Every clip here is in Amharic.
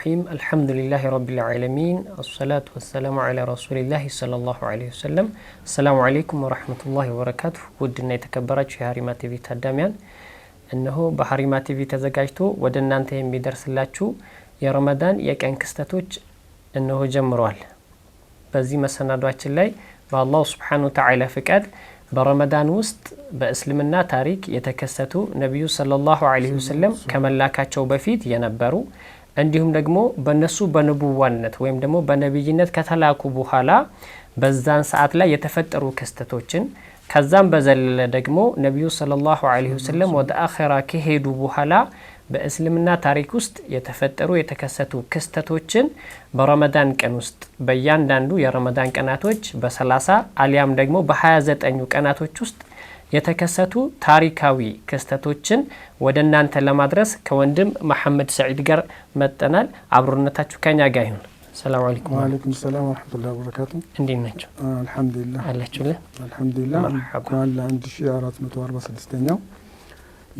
الرحيم الحمد لله رب العالمين الصلاة والسلام على رسول الله صلى الله عليه وسلم السلام عليكم ورحمة الله وبركاته ውድና የተከበራችሁ የሀሪማ ቲቪ ታዳሚያን እነሆ በሀሪማ ቲቪ ተዘጋጅቶ ወደ እናንተ የሚደርስላችሁ የረመዳን የቀን ክስተቶች እነሆ ጀምረዋል። በዚህ መሰናዷችን ላይ በአላሁ ስብሓነ ወተዓላ ፍቃድ በረመዳን ውስጥ በእስልምና ታሪክ የተከሰቱ ነቢዩ ሰለላሁ ዐለይሂ ወሰለም ከመላካቸው በፊት የነበሩ እንዲሁም ደግሞ በነሱ በንቡዋነት ወይም ደግሞ በነቢይነት ከተላኩ በኋላ በዛን ሰዓት ላይ የተፈጠሩ ክስተቶችን ከዛም በዘለለ ደግሞ ነቢዩ ሰለላሁ ዐለይሂ ወሰለም ወደ አኼራ ከሄዱ በኋላ በእስልምና ታሪክ ውስጥ የተፈጠሩ የተከሰቱ ክስተቶችን በረመዳን ቀን ውስጥ በእያንዳንዱ የረመዳን ቀናቶች በ30 አሊያም ደግሞ በ29 ቀናቶች ውስጥ የተከሰቱ ታሪካዊ ክስተቶችን ወደ እናንተ ለማድረስ ከወንድም መሐመድ ሰዒድ ጋር መጠናል። አብሮነታችሁ ከኛ ጋር ይሁን። ሰላም አለይኩም። ወአለይኩም ሰላም ወረሕመቱላሂ ወበረካቱ። እንዴት ናቸው? አልሐምዱሊላህ አላችሁልን? አልሐምዱሊላህ እንኳን ለአንድ ሺ አራት መቶ አርባ ስድስተኛው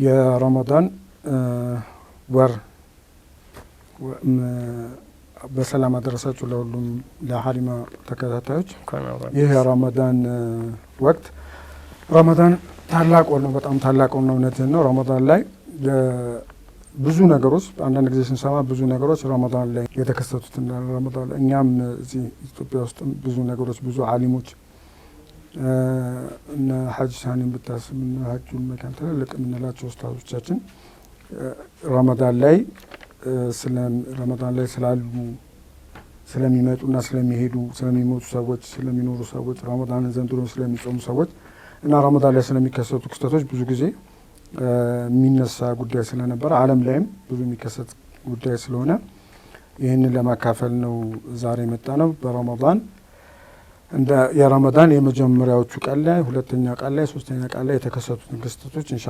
የረመዳን ወር በሰላም አደረሳችሁ። ለሁሉም ለሀሪማ ተከታታዮች ይህ የረመዳን ወቅት ረመዳን ታላቅ ወር ነው። በጣም ታላቅ ወር ነው። እውነትህን ነው። ረመዳን ላይ ብዙ ነገሮች አንዳንድ ጊዜ ስንሰማ ብዙ ነገሮች ረመዳን ላይ የተከሰቱት ረመዳን ላይ እኛም እዚህ ኢትዮጵያ ውስጥም ብዙ ነገሮች ብዙ አሊሞች እነ ሀጂ ሳኒን ብታስብ እነ ሀጁል መካን ትልልቅ የምንላቸው ውስታዞቻችን ረመዳን ላይ ረመዳን ላይ ስላሉ ስለሚመጡና ስለሚሄዱ ስለሚሞቱ ሰዎች ስለሚኖሩ ሰዎች ረመዳንን ዘንድሮ ስለሚጾሙ ሰዎች እና ረመዳን ላይ ስለሚከሰቱ ክስተቶች ብዙ ጊዜ የሚነሳ ጉዳይ ስለነበረ ዓለም ላይም ብዙ የሚከሰት ጉዳይ ስለሆነ ይህንን ለማካፈል ነው ዛሬ የመጣ ነው። በረመዳን እንደ የረመዳን የመጀመሪያዎቹ ቀን ላይ፣ ሁለተኛ ቀን ላይ፣ ሶስተኛ ቀን ላይ የተከሰቱትን ክስተቶች እንሻ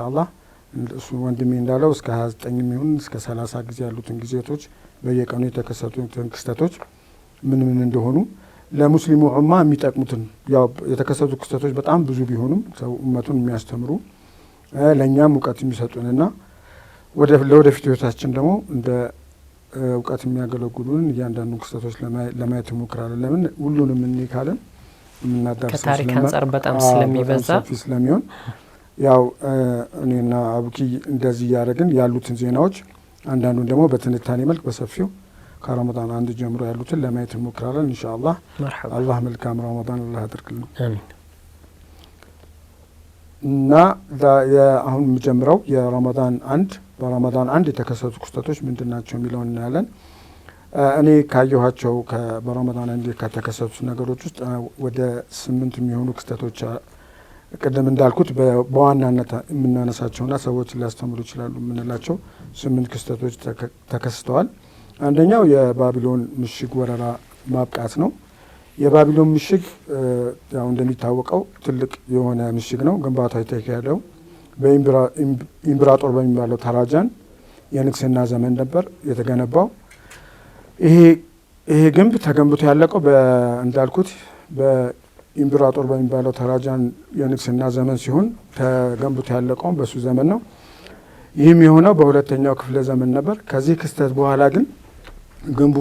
እሱ ወንድሜ እንዳለው እስከ ሀያ ዘጠኝ የሚሆን እስከ ሰላሳ ጊዜ ያሉትን ጊዜቶች በየቀኑ የተከሰቱትን ክስተቶች ምን ምን እንደሆኑ ለሙስሊሙ ዑማ የሚጠቅሙትን ያው የተከሰቱ ክስተቶች በጣም ብዙ ቢሆኑም ሰው እመቱን የሚያስተምሩ ለእኛም እውቀት የሚሰጡንና ለወደፊት ህይወታችን ደግሞ እንደ እውቀት የሚያገለግሉን እያንዳንዱ ክስተቶች ለማየት እንሞክራለን። ለምን ሁሉንም እኔ ካለን ከታሪክ አንጻር በጣም ስለሚበዛ ስለሚሆን ያው እኔና አቡኪ እንደዚህ እያደረግን ያሉትን ዜናዎች አንዳንዱን ደግሞ በትንታኔ መልክ በሰፊው ከረመዳን አንድ ጀምሮ ያሉትን ለማየት እንሞክራለን ኢንሻአላህ። አላህ መልካም ረመዳን አላህ ያደርግልን እና አሁን የምጀምረው የረመዳን አንድ በረመዳን አንድ የተከሰቱ ክስተቶች ምንድን ናቸው የሚለውን እናያለን። እኔ ካየኋቸው በረመዳን አንድ ከተከሰቱት ነገሮች ውስጥ ወደ ስምንት የሚሆኑ ክስተቶች ቅድም እንዳልኩት በዋናነት የምናነሳቸውና ሰዎች ሊያስተምሩ ይችላሉ የምንላቸው ስምንት ክስተቶች ተከስተዋል። አንደኛው የባቢሎን ምሽግ ወረራ ማብቃት ነው። የባቢሎን ምሽግ ያው እንደሚታወቀው ትልቅ የሆነ ምሽግ ነው። ግንባታው የተካሄደው በኢምፕራጦር በሚባለው ታራጃን የንግስና ዘመን ነበር የተገነባው። ይሄ ግንብ ተገንብቶ ያለቀው እንዳልኩት በኢምብራጦር በሚባለው ተራጃን የንግስና ዘመን ሲሆን ተገንብቶ ያለቀውም በሱ ዘመን ነው። ይህም የሆነው በሁለተኛው ክፍለ ዘመን ነበር። ከዚህ ክስተት በኋላ ግን ግንቡ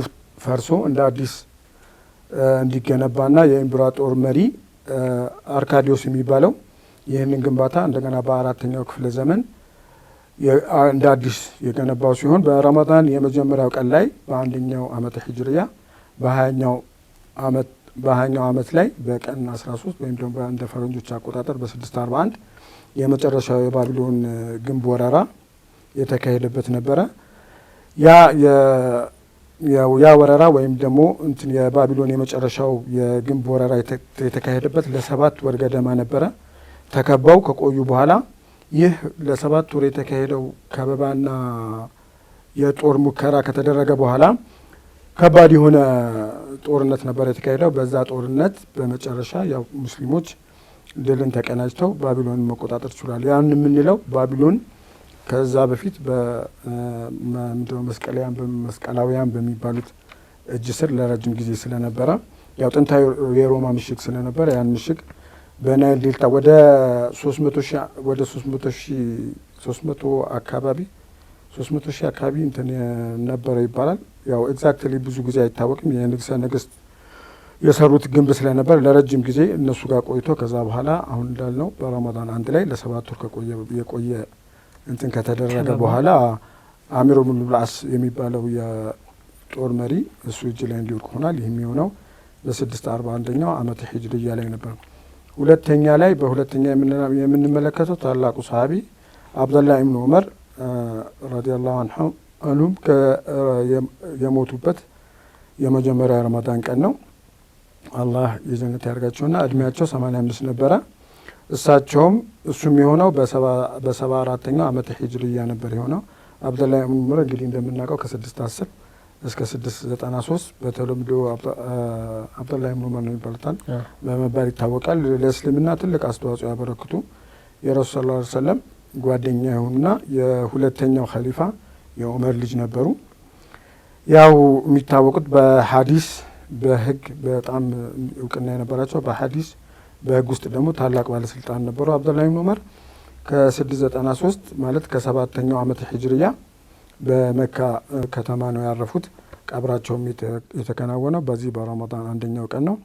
ፈርሶ እንደ አዲስ እንዲገነባና የኢምፕራጦር መሪ አርካዲዮስ የሚባለው ይህንን ግንባታ እንደገና በአራተኛው ክፍለ ዘመን እንደ አዲስ የገነባው ሲሆን በረመዳን የመጀመሪያው ቀን ላይ በአንደኛው አመት ሂጅርያ በሀያኛው ዓመት ላይ በቀን 13 ወይም ደግሞ እንደ ፈረንጆች አቆጣጠር በ641 የመጨረሻው የባቢሎን ግንብ ወረራ የተካሄደበት ነበረ ያ ያ ወረራ ወይም ደግሞ እንትን የባቢሎን የመጨረሻው የግንብ ወረራ የተካሄደበት ለሰባት ወር ገደማ ነበረ። ተከበው ከቆዩ በኋላ ይህ ለሰባት ወር የተካሄደው ከበባና የጦር ሙከራ ከተደረገ በኋላ ከባድ የሆነ ጦርነት ነበር የተካሄደው። በዛ ጦርነት በመጨረሻ ያው ሙስሊሞች ድልን ተቀናጅተው ባቢሎንን መቆጣጠር ችሏል። ያን የምንለው ባቢሎን ከዛ በፊት በምንድነው መስቀላውያን መስቀላውያን በሚባሉት እጅ ስር ለረጅም ጊዜ ስለነበረ ያው ጥንታዊ የሮማ ምሽግ ስለነበረ ያን ምሽግ በናይል ዴልታ ወደ 300 አካባቢ 300 ሺህ አካባቢ እንትን ነበረ ይባላል። ያው ኤግዛክትሊ ብዙ ጊዜ አይታወቅም። የንግሰ ነገስት የሰሩት ግንብ ስለነበር ለረጅም ጊዜ እነሱ ጋር ቆይቶ ከዛ በኋላ አሁን እንዳልነው በረመዳን አንድ ላይ ለሰባት ወር የቆየ እንትን ከተደረገ በኋላ አሚሮ ሙሉልአስ የሚባለው የጦር መሪ እሱ እጅ ላይ እንዲወድቅ ሆናል። ይህ የሚሆነው በስድስት አርባ አንደኛው አመት ሂጅርያ ላይ ነበር። ሁለተኛ ላይ በሁለተኛ የምንመለከተው ታላቁ ሰሀቢ አብደላህ ኢብኑ ዑመር ረዲያላሁ አንሁም የሞቱበት የመጀመሪያ ረመዳን ቀን ነው። አላህ የጀነት ያደርጋቸውና እድሜያቸው ሰማንያ አምስት ነበረ። እሳቸውም እሱም የሆነው በሰባ አራተኛው ዓመተ ሂጅርያ ነበር የሆነው። አብደላ ኢብኑ እንግዲህ እንደምናውቀው ከስድስት አስር እስከ ስድስት ዘጠና ሶስት በተለምዶ አብደላ ኢብኑ ዑመር ነው ይባሉታል በመባል ይታወቃል። ለእስልምና ትልቅ አስተዋጽኦ ያበረክቱ የረሱ ስ ላ ሰለም ጓደኛ የሆኑና የሁለተኛው ኸሊፋ የዑመር ልጅ ነበሩ። ያው የሚታወቁት በሀዲስ በህግ በጣም እውቅና የነበራቸው በሀዲስ በህግ ውስጥ ደግሞ ታላቅ ባለስልጣን ነበሩ። አብዱላሂ ብን ዑመር ከ693 ማለት ከሰባተኛው ዓመት ሂጅርያ በመካ ከተማ ነው ያረፉት። ቀብራቸውም የተከናወነው በዚህ በረመዳን አንደኛው ቀን ነው።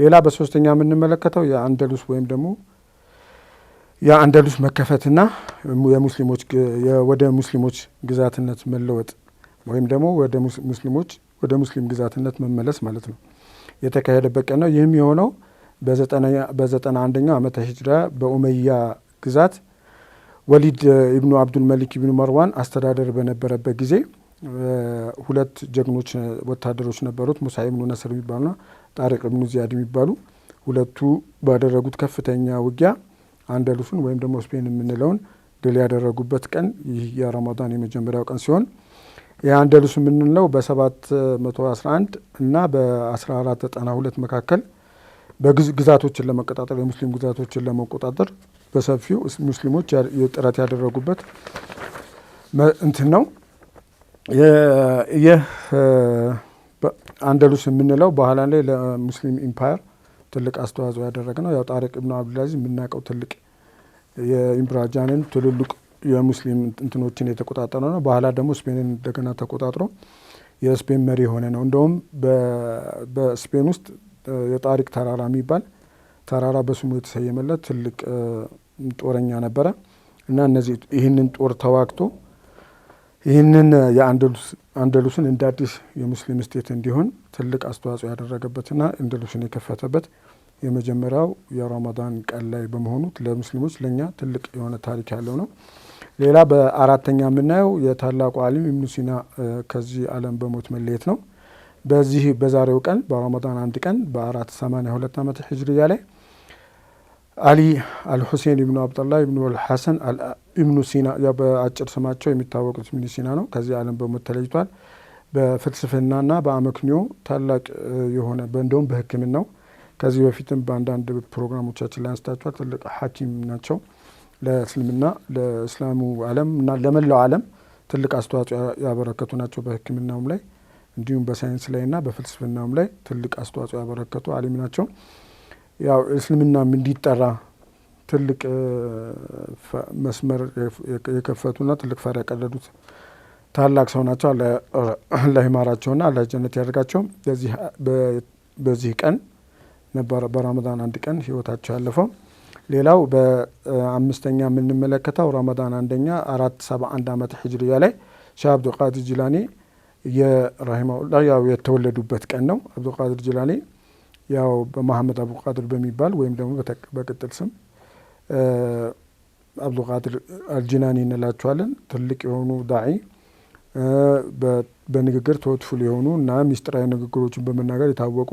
ሌላ በሶስተኛ የምንመለከተው የአንደሉስ ወይም ደግሞ የአንደሉስ መከፈትና የሙስሊሞች ወደ ሙስሊሞች ግዛትነት መለወጥ ወይም ደግሞ ወደ ሙስሊሞች ወደ ሙስሊም ግዛትነት መመለስ ማለት ነው የተካሄደበት ቀን ነው። ይህም የሆነው በዘጠና አንደኛው ዓመተ ሂጅራ በኡመያ ግዛት ወሊድ ኢብኑ አብዱል መሊክ ኢብኑ መርዋን አስተዳደር በነበረበት ጊዜ ሁለት ጀግኖች ወታደሮች ነበሩት። ሙሳ ኢብኑ ነስር የሚባሉና ጣሪቅ ኢብኑ ዚያድ የሚባሉ ሁለቱ ባደረጉት ከፍተኛ ውጊያ አንደሉሱን ወይም ደግሞ ስፔን የምንለውን ድል ያደረጉበት ቀን ይህ የረመዳን የመጀመሪያው ቀን ሲሆን የአንደሉስ የምንለው በ711 እና በ1492 መካከል በግዛቶችን ለመቀጣጠር የሙስሊም ግዛቶችን ለመቆጣጠር በሰፊው ሙስሊሞች ጥረት ያደረጉበት እንትን ነው። ይህ አንደሉስ የምንለው በኋላ ላይ ለሙስሊም ኢምፓየር ትልቅ አስተዋጽኦ ያደረገ ነው። ያው ጣሪቅ ኢብኑ አብዱልአዚዝ የምናውቀው ትልቅ የኢምፕራጃንን ትልልቅ የሙስሊም እንትኖችን የተቆጣጠረ ነው። በኋላ ደግሞ ስፔንን እንደገና ተቆጣጥሮ የስፔን መሪ የሆነ ነው። እንደውም በስፔን ውስጥ የጣሪቅ ተራራ የሚባል ተራራ በስሙ የተሰየመለት ትልቅ ጦረኛ ነበረ እና እነዚህ ይህንን ጦር ተዋግቶ ይህንን የአንደሉስን እንደ አዲስ የሙስሊም ስቴት እንዲሆን ትልቅ አስተዋጽኦ ያደረገበትና አንደሉስን የከፈተበት የመጀመሪያው የረመዳን ቀን ላይ በመሆኑ ለሙስሊሞች ለእኛ ትልቅ የሆነ ታሪክ ያለው ነው። ሌላ በአራተኛ የምናየው የታላቁ አሊም ኢብኑ ሲና ከዚህ ዓለም በሞት መለየት ነው። በዚህ በዛሬው ቀን በረመዳን አንድ ቀን በ482 ዓመት ሂጅርያ ላይ አሊ አልሁሴን ኢብኑ አብደላ ኢብኑ አልሐሰን ኢብኑ ሲና በአጭር ስማቸው የሚታወቁት ኢብኑ ሲና ነው። ከዚህ ዓለም በሞት ተለይቷል። በፍልስፍናና በአመክንዮ ታላቅ የሆነ እንደውም በሕክምናው ከዚህ በፊትም በአንዳንድ ፕሮግራሞቻችን ላይ አንስታችኋል። ትልቅ ሐኪም ናቸው። ለእስልምና ለእስላሙ ዓለም እና ለመላው ዓለም ትልቅ አስተዋጽኦ ያበረከቱ ናቸው በሕክምናውም ላይ እንዲሁም በሳይንስ ላይና በፍልስፍናም ላይ ትልቅ አስተዋጽኦ ያበረከቱ አሊም ናቸው። ያው እስልምናም እንዲጠራ ትልቅ መስመር የከፈቱና ትልቅ ፈር ያቀለዱት ታላቅ ሰው ናቸው። አላህ ና አላህ ጀነት ያደርጋቸው። በዚህ ቀን ነበረ በረመዳን አንድ ቀን ህይወታቸው ያለፈው። ሌላው በአምስተኛ የምንመለከተው ረመዳን አንደኛ አራት ሰባ አንድ አመት ሂጅሪያ ላይ ሼህ አብዱልቃድር ጂላኒ የራሂማውላ ያው የተወለዱበት ቀን ነው። አብዱልቃድር ጅላኒ ያው በመሐመድ አብዱልቃድር በሚባል ወይም ደግሞ በቅጥል ስም አብዱልቃድር አልጅናኒ እንላቸዋለን። ትልቅ የሆኑ ዳዒ በንግግር ተወትፉል የሆኑ እና ሚስጥራዊ ንግግሮችን በመናገር የታወቁ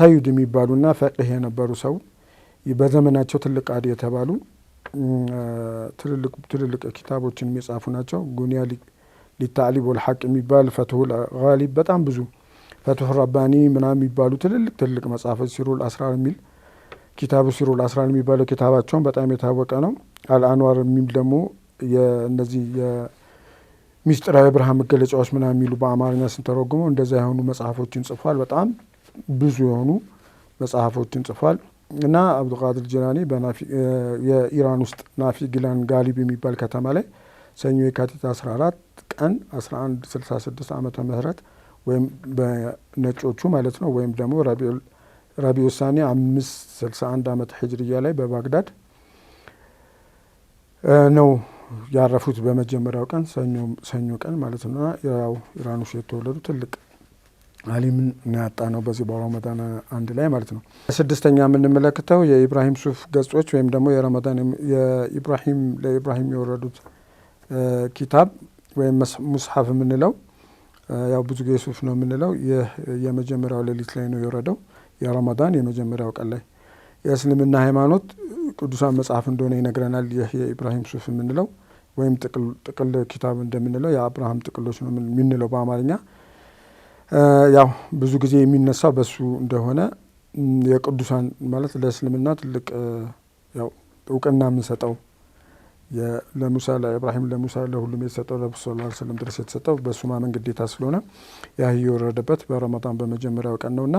ሳዩድ የሚባሉና ፈቂህ የነበሩ ሰው በዘመናቸው ትልቅ አድ የተባሉ ትልልቅ ኪታቦችን የሚጻፉ ናቸው። ጉኒያ ሊታሊብ ወልሐቅ የሚባል ፈትሁ ጋሊብ በጣም ብዙ ፈትሁ ረባኒ ምና የሚባሉ ትልልቅ ትልቅ መጽሐፎች ሲሩል አስራር የሚል ኪታቡ ሲሩል አስራር የሚባለው ኪታባቸውን በጣም የታወቀ ነው። አልአንዋር የሚል ደግሞ እነዚህ የሚስጢራዊ ብርሃን መገለጫዎች ምና የሚሉ በአማርኛ ስንተረጉመው እንደዛ የሆኑ መጽሐፎችን ጽፏል። በጣም ብዙ የሆኑ መጽሐፎችን ጽፏል እና አብዱልቃድር ጅላኒ የኢራን ውስጥ ናፊ ጊላን ጋሊብ የሚባል ከተማ ላይ ሰኞ የካቲት 14 ቀን 1166 ዓመተ ምህረት ወይም በነጮቹ ማለት ነው ወይም ደግሞ ረቢዑ ሳኒ 561 ዓመት ሂጅርያ ላይ በባግዳድ ነው ያረፉት። በመጀመሪያው ቀን ሰኞ ቀን ማለት ነ ያው ኢራኖች የተወለዱ ትልቅ አሊምን ነው ነው በዚህ በረመዳን አንድ ላይ ማለት ነው። ስድስተኛ የምንመለከተው የኢብራሂም ሱፍ ገጾች ወይም ደግሞ የረመዳን የኢብራሂም ለኢብራሂም የወረዱት ኪታብ ወይም ሙስሐፍ የምንለው ያው ብዙ ጊዜ ሱፍ ነው የምንለው ይህ የመጀመሪያው ሌሊት ላይ ነው የወረደው የረመዳን የመጀመሪያው ቀን ላይ። የእስልምና ሃይማኖት ቅዱሳን መጽሐፍ እንደሆነ ይነግረናል። ይህ የኢብራሂም ሱፍ የምንለው ወይም ጥቅል ኪታብ እንደምንለው የአብርሃም ጥቅሎች ነው የምንለው በአማርኛ። ያው ብዙ ጊዜ የሚነሳው በሱ እንደሆነ የቅዱሳን ማለት ለእስልምና ትልቅ ያው እውቅና የምንሰጠው ለሙሳ ለኢብራሂም ለሙሳ ለሁሉም የተሰጠው ለብስ ላ ስለም ድረስ የተሰጠው በሱማምን ግዴታ ስለሆነ ያህ የወረደበት በረመዳን በመጀመሪያው ቀን ነውና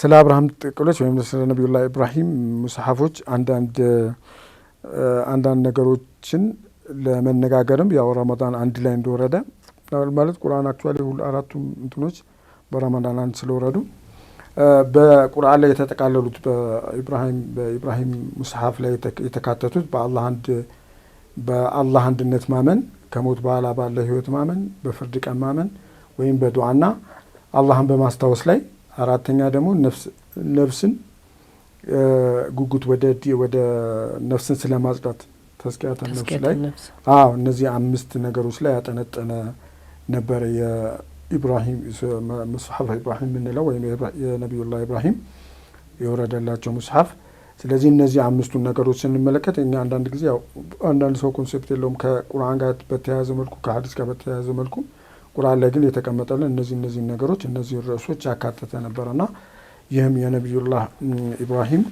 ስለ አብርሃም ጥቅሎች ወይም ስለ ነቢዩላ ኢብራሂም ሙስሐፎች አንዳንድ አንዳንድ ነገሮችን ለመነጋገርም ያው ረመዳን አንድ ላይ እንደወረደ ማለት ቁርአን አክቹዋሊ አራቱም እንትኖች በረመዳን አንድ ስለወረዱ በቁርአን ላይ የተጠቃለሉት በኢብራሂም በኢብራሂም ሙስሐፍ ላይ የተካተቱት በአላህ አንድ በአላህ አንድነት ማመን፣ ከሞት በኋላ ባለ ህይወት ማመን፣ በፍርድ ቀን ማመን ወይም በዱዓና አላህን በማስታወስ ላይ አራተኛ ደግሞ ነፍስን ጉጉት ወደ ነፍስን ስለማጽዳት ተስቂያተ ነፍስ ላይ አዎ፣ እነዚህ አምስት ነገሮች ላይ ያጠነጠነ ነበረ የኢብራሂም ሙስሐፍ ኢብራሂም የምንለው ወይም የነቢዩላህ ኢብራሂም የወረደላቸው ሙስሐፍ ስለዚህ እነዚህ አምስቱን ነገሮች ስንመለከት እኛ አንዳንድ ጊዜ ያው አንዳንድ ሰው ኮንሴፕት የለውም ከቁርአን ጋር በተያያዘ መልኩ ከሀዲስ ጋር በተያያዘ መልኩ ቁርአን ላይ ግን የተቀመጠልን እነዚህ እነዚህ ነገሮች እነዚህ ርዕሶች ያካተተ ና ይህም የነቢዩላህ ኢብራሂም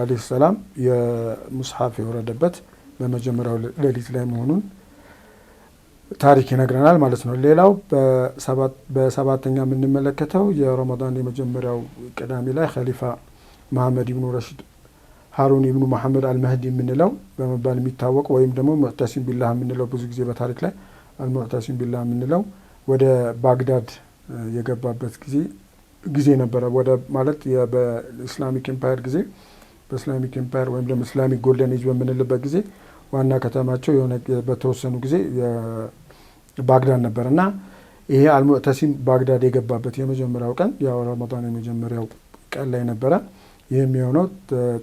አለይሂ ሰላም የሙስሐፍ የወረደበት በመጀመሪያው ሌሊት ላይ መሆኑን ታሪክ ይነግረናል ማለት ነው። ሌላው በሰባተኛ የምንመለከተው የረመዳን የመጀመሪያው ቅዳሜ ላይ ከሊፋ መሐመድ ኢብኑ ረሽድ ሀሩን ኢብኑ መሐመድ አልመህዲ የምንለው በመባል የሚታወቅ ወይም ደግሞ ሙዕተሲም ቢላህ የምንለው ብዙ ጊዜ በታሪክ ላይ አልሙዕተሲም ቢላህ የምንለው ወደ ባግዳድ የገባበት ጊዜ ጊዜ ነበረ። ወደ ማለት በኢስላሚክ ኤምፓየር ጊዜ በኢስላሚክ ኤምፓየር ወይም ደግሞ ኢስላሚክ ጎልደን ኤጅ በምንልበት ጊዜ ዋና ከተማቸው የሆነ በተወሰኑ ጊዜ ባግዳድ ነበር እና ይሄ አልሙዕተሲም ባግዳድ የገባበት የመጀመሪያው ቀን ያው ረመዳን የመጀመሪያው ቀን ላይ ነበረ። ይህ የሚሆነው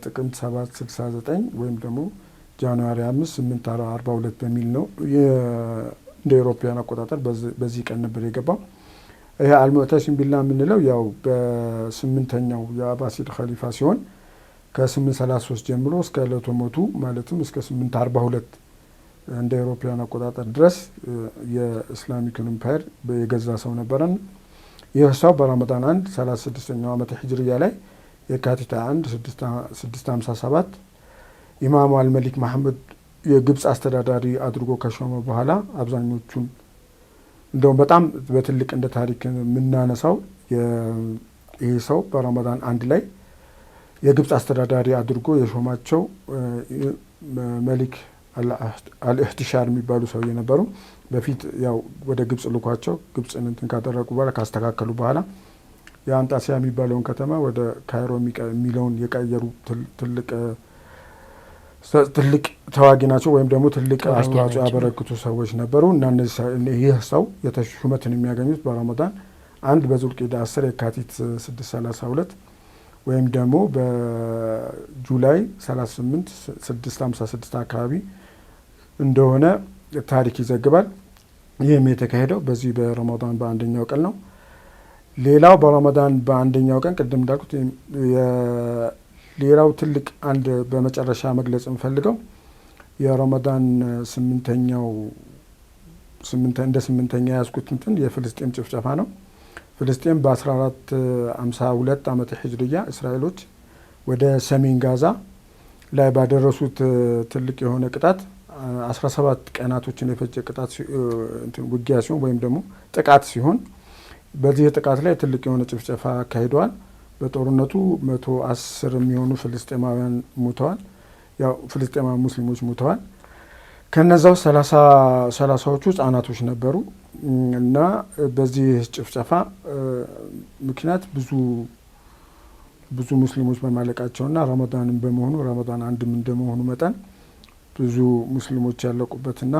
ጥቅምት 7 69 ወይም ደግሞ ጃንዋሪ 5 842 በሚል ነው። እንደ ኤሮፓውያን አቆጣጠር በዚህ ቀን ነበር የገባው። ይሄ አልሞዕተሲም ቢላ የምንለው ያው በስምንተኛው የአባሲድ ኸሊፋ ሲሆን ከ833 ጀምሮ እስከ ዕለተ ሞቱ ማለትም እስከ 842 እንደ ኤሮፓውያን አቆጣጠር ድረስ የእስላሚክን ኢምፓየር የገዛ ሰው ነበረን። ይህ ሰው በረመዳን አንድ 36ኛው ዓመት ሂጅርያ ላይ የካቲት 1 657 ኢማሙ አልመሊክ መሐመድ የግብፅ አስተዳዳሪ አድርጎ ከሾመ በኋላ አብዛኞቹን እንደውም በጣም በትልቅ እንደ ታሪክ የምናነሳው ይሄ ሰው በረመዳን አንድ ላይ የግብፅ አስተዳዳሪ አድርጎ የሾማቸው መሊክ አልእህትሻር የሚባሉ ሰው የነበሩ በፊት ያው ወደ ግብፅ ልኳቸው ግብፅን እንትን ካደረጉ በኋላ ካስተካከሉ በኋላ የአንጣሲያ የሚባለውን ከተማ ወደ ካይሮ የሚለውን የቀየሩ ትልቅ ትልቅ ተዋጊ ናቸው ወይም ደግሞ ትልቅ አስተዋጽኦ ያበረክቱ ሰዎች ነበሩ እና ይህ ሰው የተሹመትን የሚያገኙት በረመዳን አንድ በዙልቂዳ አስር የካቲት 632 ወይም ደግሞ በጁላይ 38 ስድስት አካባቢ እንደሆነ ታሪክ ይዘግባል። ይህም የተካሄደው በዚህ በረመዳን በአንደኛው ቀን ነው። ሌላው በረመዳን በአንደኛው ቀን ቅድም እንዳልኩት ሌላው ትልቅ አንድ በመጨረሻ መግለጽ የምፈልገው የረመዳን ስምንተኛው እንደ ስምንተኛ የያዝኩት እንትን የፍልስጤም ጭፍጨፋ ነው። ፍልስጤም በ1452 ዓመተ ሂጅርያ እስራኤሎች ወደ ሰሜን ጋዛ ላይ ባደረሱት ትልቅ የሆነ ቅጣት 17 ቀናቶችን የፈጀ ቅጣት ውጊያ ሲሆን ወይም ደግሞ ጥቃት ሲሆን በዚህ ጥቃት ላይ ትልቅ የሆነ ጭፍጨፋ አካሂደዋል። በጦርነቱ መቶ አስር የሚሆኑ ፍልስጤማውያን ሙተዋል። ያው ፍልስጤማውያን ሙስሊሞች ሙተዋል። ከነዛ ውስጥ ሰላሳዎቹ ህጻናቶች ነበሩ እና በዚህ ጭፍጨፋ ምክንያት ብዙ ብዙ ሙስሊሞች በማለቃቸውና ረመዳንም በመሆኑ ረመዳን አንድም እንደመሆኑ መጠን ብዙ ሙስሊሞች ያለቁበትና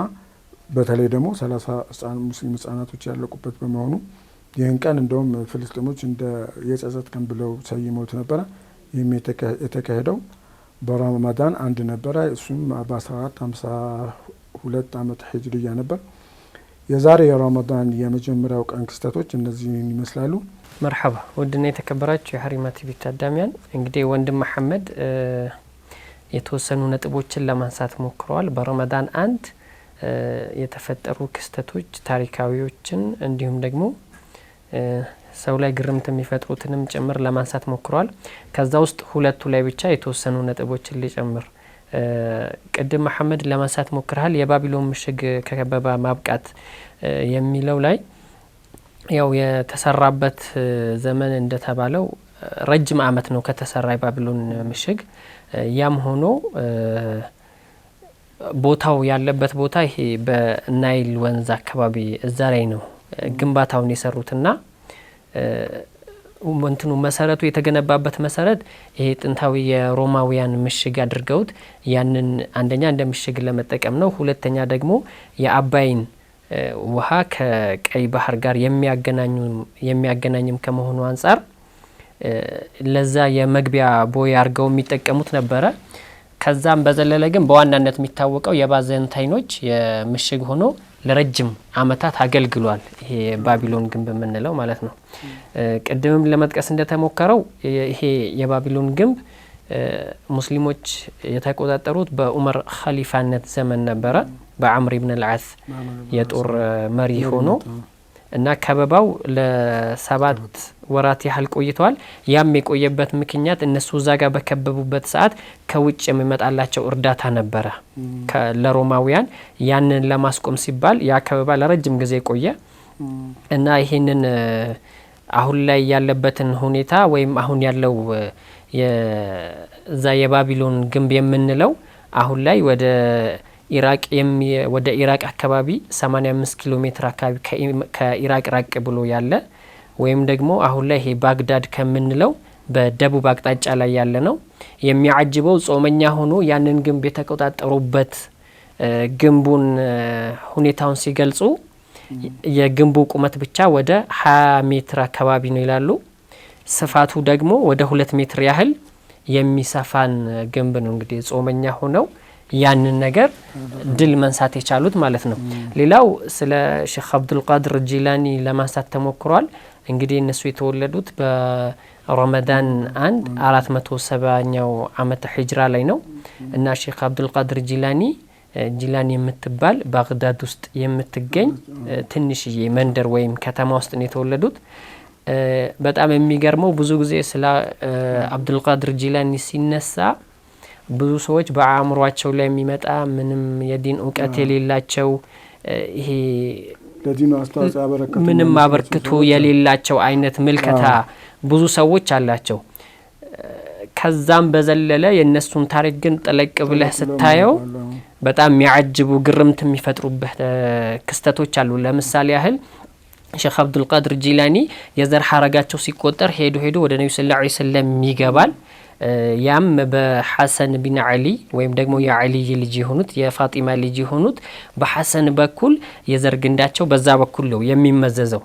በተለይ ደግሞ ሰላሳ ሙስሊም ህጻናቶች ያለቁበት በመሆኑ ይህን ቀን እንደውም ፍልስጤሞች እንደ የጸጸት ቀን ብለው ሰይመውት ነበረ። ይህም የተካሄደው በረመዳን አንድ ነበረ። እሱም በ1452 ዓመት ሂጅርያ ነበር። የዛሬ የረመዳን የመጀመሪያው ቀን ክስተቶች እነዚህን ይመስላሉ። መርሓባ ውድና የተከበራችሁ የሀሪማ ቲቪ ታዳሚያን፣ እንግዲህ ወንድም መሐመድ የተወሰኑ ነጥቦችን ለማንሳት ሞክረዋል። በረመዳን አንድ የተፈጠሩ ክስተቶች ታሪካዊዎችን እንዲሁም ደግሞ ሰው ላይ ግርምት የሚፈጥሩትንም ጭምር ለማንሳት ሞክሯል። ከዛ ውስጥ ሁለቱ ላይ ብቻ የተወሰኑ ነጥቦችን ሊጨምር ቅድም መሐመድ ለማንሳት ሞክርሃል። የባቢሎን ምሽግ ከከበባ ማብቃት የሚለው ላይ ያው የተሰራበት ዘመን እንደተባለው ረጅም ዓመት ነው ከተሰራ የባቢሎን ምሽግ። ያም ሆኖ ቦታው ያለበት ቦታ ይሄ በናይል ወንዝ አካባቢ እዛ ላይ ነው ግንባታውን የሰሩትና እንትኑ መሰረቱ የተገነባበት መሰረት ይሄ ጥንታዊ የሮማውያን ምሽግ አድርገውት ያንን አንደኛ እንደ ምሽግ ለመጠቀም ነው። ሁለተኛ ደግሞ የአባይን ውሃ ከቀይ ባህር ጋር የሚያገናኝም ከመሆኑ አንጻር ለዛ የመግቢያ ቦይ አድርገው የሚጠቀሙት ነበረ። ከዛም በዘለለ ግን በዋናነት የሚታወቀው የባዘንታይኖች የምሽግ ሆኖ ለረጅም አመታት አገልግሏል። ይሄ የባቢሎን ግንብ የምንለው ማለት ነው። ቅድምም ለመጥቀስ እንደተሞከረው ይሄ የባቢሎን ግንብ ሙስሊሞች የተቆጣጠሩት በኡመር ኸሊፋነት ዘመን ነበረ። በአምር ብን ልዓስ የጦር መሪ ሆኖ እና ከበባው ለሰባት ወራት ያህል ቆይተዋል። ያም የቆየበት ምክንያት እነሱ እዛ ጋር በከበቡበት ሰዓት ከውጭ የሚመጣላቸው እርዳታ ነበረ ለሮማውያን። ያንን ለማስቆም ሲባል ያ ከበባ ለረጅም ጊዜ ቆየ እና ይህንን አሁን ላይ ያለበትን ሁኔታ ወይም አሁን ያለው እዛ የባቢሎን ግንብ የምንለው አሁን ላይ ወደ ኢራቅ ወደ ኢራቅ አካባቢ 85 ኪሎ ሜትር አካባቢ ከኢራቅ ራቅ ብሎ ያለ ወይም ደግሞ አሁን ላይ ይሄ ባግዳድ ከምንለው በደቡብ አቅጣጫ ላይ ያለ ነው። የሚያጅበው ጾመኛ ሆኖ ያንን ግንብ የተቆጣጠሩበት ግንቡን ሁኔታውን ሲገልጹ የግንቡ ቁመት ብቻ ወደ 20 ሜትር አካባቢ ነው ይላሉ። ስፋቱ ደግሞ ወደ ሁለት ሜትር ያህል የሚሰፋን ግንብ ነው። እንግዲህ ጾመኛ ሆነው ያንን ነገር ድል መንሳት የቻሉት ማለት ነው። ሌላው ስለ ሼክ አብዱልቃድር ጂላኒ ለማንሳት ተሞክሯል። እንግዲህ እነሱ የተወለዱት በረመዳን አንድ አራት መቶ ሰባኛው አመተ ሂጅራ ላይ ነው እና ሼክ አብዱልቃድር ጂላኒ ጂላን የምትባል ባግዳድ ውስጥ የምትገኝ ትንሽዬ መንደር ወይም ከተማ ውስጥ ነው የተወለዱት። በጣም የሚገርመው ብዙ ጊዜ ስለ አብዱልቃድር ጂላኒ ሲነሳ ብዙ ሰዎች በአእምሯቸው ላይ የሚመጣ ምንም የዲን እውቀት የሌላቸው ይሄ ምንም አበርክቶ የሌላቸው አይነት ምልከታ ብዙ ሰዎች አላቸው። ከዛም በዘለለ የእነሱን ታሪክ ግን ጠለቅ ብለህ ስታየው በጣም የሚያጅቡ ግርምት የሚፈጥሩበት ክስተቶች አሉ። ለምሳሌ ያህል ሼክ አብዱልቃድር ጂላኒ የዘር ሀረጋቸው ሲቆጠር ሄዶ ሄዶ ወደ ነቢዩ ስላ ስለም ይገባል። ያም በሐሰን ቢን አሊ ወይም ደግሞ የአሊይ ልጅ የሆኑት የፋጢማ ልጅ የሆኑት በሐሰን በኩል የዘር ግንዳቸው በዛ በኩል ነው የሚመዘዘው።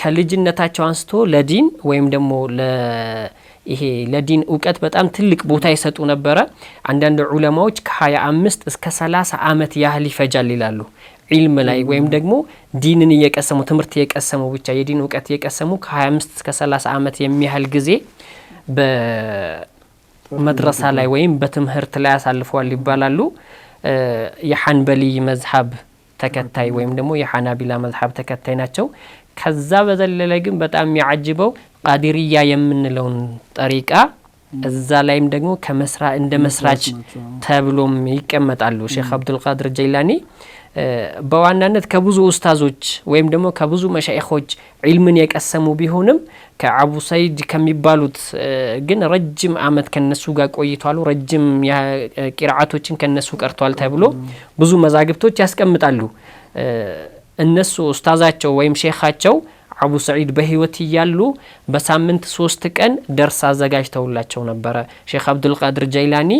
ከልጅነታቸው አንስቶ ለዲን ወይም ደግሞ ይሄ ለዲን እውቀት በጣም ትልቅ ቦታ ይሰጡ ነበረ። አንዳንድ ዑለማዎች ከ25 እስከ 30 ዓመት ያህል ይፈጃል ይላሉ ዒልም ላይ ወይም ደግሞ ዲንን እየቀሰሙ ትምህርት እየቀሰሙ ብቻ የዲን እውቀት እየቀሰሙ ከ25 እስከ 30 ዓመት የሚያህል ጊዜ በመድረሳ ላይ ወይም በትምህርት ላይ አሳልፈዋል ይባላሉ። የሐንበሊ መዝሀብ ተከታይ ወይም ደግሞ የሐናቢላ መዝሀብ ተከታይ ናቸው። ከዛ በዘለለ ግን በጣም የሚያጅበው ቃዲርያ የምንለውን ጠሪቃ እዛ ላይም ደግሞ ከመስራ እንደ መስራች ተብሎም ይቀመጣሉ። ሼክ አብዱልቃድር ጀይላኒ በዋናነት ከብዙ ኡስታዞች ወይም ደግሞ ከብዙ መሻይኾች ዒልምን የቀሰሙ ቢሆንም ከአቡ ሰይድ ከሚባሉት ግን ረጅም አመት ከነሱ ጋር ቆይቷሉ። ረጅም ቂርአቶችን ከነሱ ቀርቷል ተብሎ ብዙ መዛግብቶች ያስቀምጣሉ። እነሱ ኡስታዛቸው ወይም ሼኻቸው አቡ ሰዒድ በህይወት እያሉ በሳምንት ሶስት ቀን ደርስ አዘጋጅተውላቸው ነበረ። ሼክ አብዱልቃድር ጀይላኒ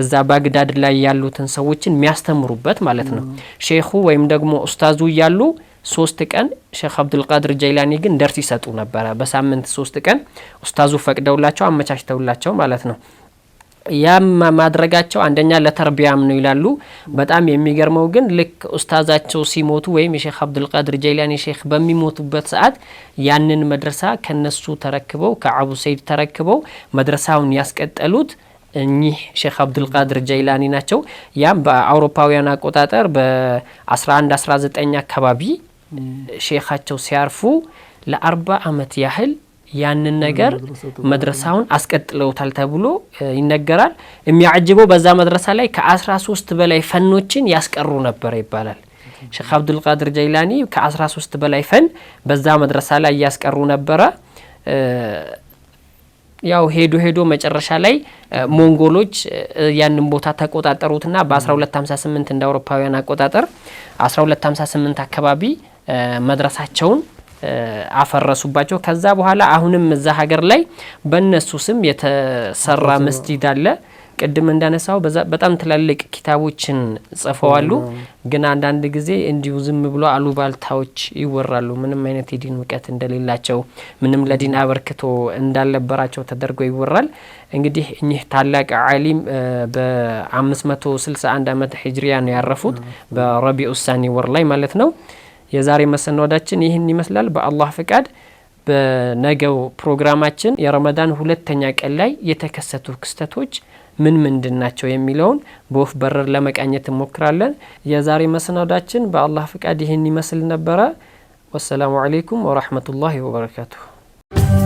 እዛ ባግዳድ ላይ ያሉትን ሰዎችን የሚያስተምሩበት ማለት ነው። ሼኹ ወይም ደግሞ ኡስታዙ እያሉ ሶስት ቀን ሼክ አብዱልቃድር ጀይላኒ ግን ደርስ ይሰጡ ነበረ። በሳምንት ሶስት ቀን ኡስታዙ ፈቅደውላቸው አመቻችተውላቸው ማለት ነው። ያም ማድረጋቸው አንደኛ ለተርቢያም ነው ይላሉ። በጣም የሚገርመው ግን ልክ ኡስታዛቸው ሲሞቱ ወይም የሼክ አብዱልቃድር ጀይላኒ ሼክ በሚሞቱበት ሰዓት ያንን መድረሳ ከነሱ ተረክበው ከአቡ ሰይድ ተረክበው መድረሳውን ያስቀጠሉት እኚህ ሼክ አብዱልቃድር ጀይላኒ ናቸው። ያም በአውሮፓውያን አቆጣጠር በ1119 አካባቢ ሼካቸው ሲያርፉ ለአርባ አመት ያህል ያንን ነገር መድረሳውን አስቀጥለውታል ተብሎ ይነገራል። የሚያጅበው በዛ መድረሳ ላይ ከአስራ ሶስት በላይ ፈኖችን ያስቀሩ ነበረ ይባላል። ሼክ አብዱልቃድር ጀይላኒ ከአስራ ሶስት በላይ ፈን በዛ መድረሳ ላይ እያስቀሩ ነበረ። ያው ሄዶ ሄዶ መጨረሻ ላይ ሞንጎሎች ያንን ቦታ ተቆጣጠሩትና በ1258 እንደ አውሮፓውያን አቆጣጠር 1258 አካባቢ መድረሳቸውን አፈረሱባቸው። ከዛ በኋላ አሁንም እዛ ሀገር ላይ በእነሱ ስም የተሰራ መስጂድ አለ። ቅድም እንዳነሳው በጣም ትላልቅ ኪታቦችን ጽፈዋሉ። ግን አንዳንድ ጊዜ እንዲሁ ዝም ብሎ አሉባልታዎች ይወራሉ። ምንም አይነት የዲን እውቀት እንደሌላቸው፣ ምንም ለዲን አበርክቶ እንዳልነበራቸው ተደርጎ ይወራል። እንግዲህ እኚህ ታላቅ ዓሊም በ561 ዓመት ሂጅሪያ ነው ያረፉት፣ በረቢዑ ሳኒ ወር ላይ ማለት ነው። የዛሬ መሰናዳችን ይህን ይመስላል። በአላህ ፍቃድ በነገው ፕሮግራማችን የረመዳን ሁለተኛ ቀን ላይ የተከሰቱ ክስተቶች ምን ምንድን ናቸው የሚለውን በወፍ በረር ለመቃኘት እንሞክራለን። የዛሬ መሰናዳችን በአላህ ፍቃድ ይህን ይመስል ነበረ። ወሰላሙ አሌይኩም ወረህመቱላሂ ወበረካቱሁ።